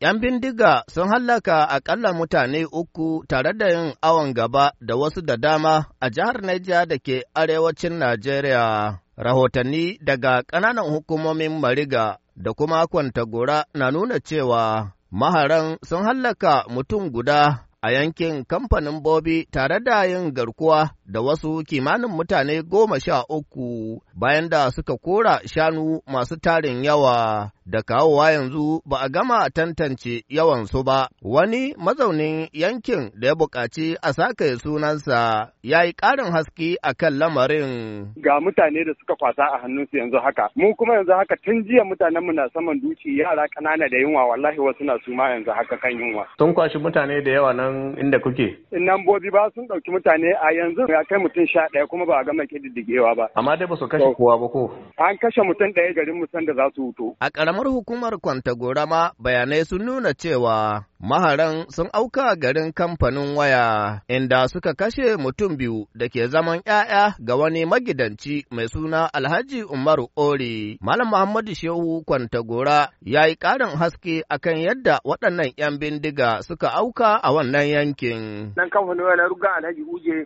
‘Yan bindiga sun hallaka akalla mutane uku tare da yin awon gaba da wasu da dama a jihar Niger da ke arewacin Najeriya. Rahotanni daga ƙananan hukumomin Mariga da kuma Kwantagora na nuna cewa maharan sun hallaka mutum guda a yankin kamfanin Bobi tare da yin garkuwa da wasu kimanin mutane goma sha uku bayan da suka kora shanu masu tarin yawa da kawowa yanzu ba a gama tantance yawansu ba, wani mazaunin yankin da ya buƙaci a sake sunansa ya yi ƙarin haske a kan lamarin. Ga mutane da suka kwasa a hannunsu yanzu haka, mu kuma yanzu haka tun jiya mutanen mu na saman duci yara ƙanana da yunwa wallahi wasu na suma yanzu haka kan yunwa. Sun kwashi mutane da yawa nan inda kuke? Nan bobi ba sun ɗauki mutane a yanzu ya kai mutum sha ɗaya kuma ba a gama kididdigewa ba. Amma dai ba su kashe kowa ba ko? An kashe mutum ɗaya garin mu da za su wuto. kalamar hukumar Kwantagorama bayanai sun nuna cewa maharan sun auka garin kamfanin waya inda suka kashe mutum biyu da ke zaman ‘ya'ya ga wani magidanci mai suna Alhaji Umaru Ori. Malam Muhammadu Shehu Kwantagora ya yi ƙarin haske akan yadda waɗannan ‘yan bindiga suka auka a wannan yankin. nan kamfanin waya na ruga Alhaji Uje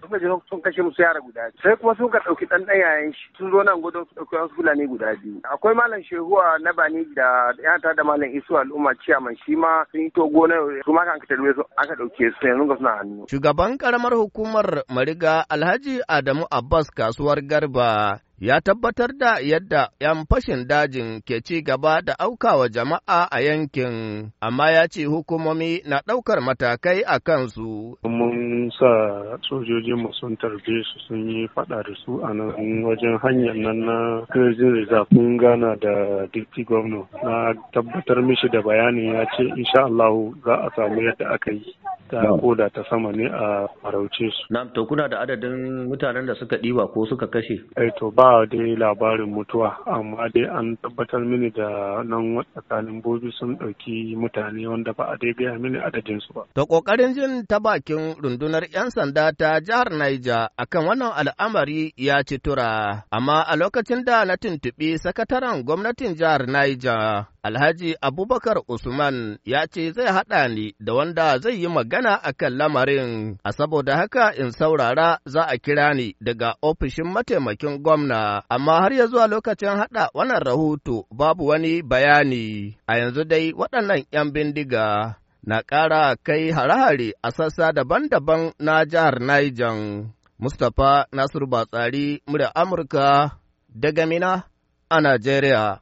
sun kashe musu yara guda biyu. sai kuma sun ka ɗauki ɗan yayan shi sun zo nan gudun su ɗauki wasu Fulani guda biyu. Akwai Malam Shehu na Bani da yan ta da malam isu al'umma ciyaman shi ma sun yi to gona su ma kan ka su aka dauke su yanzu ga suna hannu. Shugaban karamar hukumar Mariga Alhaji Adamu Abbas kasuwar Garba ya tabbatar da yadda ‘yan fashin dajin ke ci gaba da aukawa jama'a a yankin, amma ya ce hukumomi na ɗaukar matakai a kansu. Mun sa sojojin sun tarbe su sun yi faɗa da su a nan wajen hanyar nan na Kirjin Reserve gana da Dikti Gwamna na tabbatar mishi da bayani ya ce insha Allah za a samu yadda aka yi. ta koda ta sama ne a farauce su. Na'am to kuna da adadin mutanen da suka ɗiba ko suka kashe? Eh to ba dai labarin mutuwa amma dai an tabbatar mini da nan tsakanin bobi sun ɗauki mutane wanda ba a dai gaya mini adadin su ba. To kokarin jin ta bakin rundunar 'yan sanda ta jihar Niger akan wannan al'amari ya ci tura amma a lokacin da na tuntuɓi sakataren gwamnatin jihar Niger, Alhaji Abubakar Usman ya ce zai haɗa ni da wanda zai yi magana magana a kan lamarin, a saboda haka in saurara za a kira ni daga ofishin mataimakin gwamna, amma har ya zuwa lokacin haɗa wannan rahoto babu wani bayani, a yanzu dai waɗannan ‘yan bindiga na ƙara kai hare-hare a sassa daban-daban na jihar Niger. Mustapha Nasiru Batsari, mura Amurka, daga Mina a Najeriya.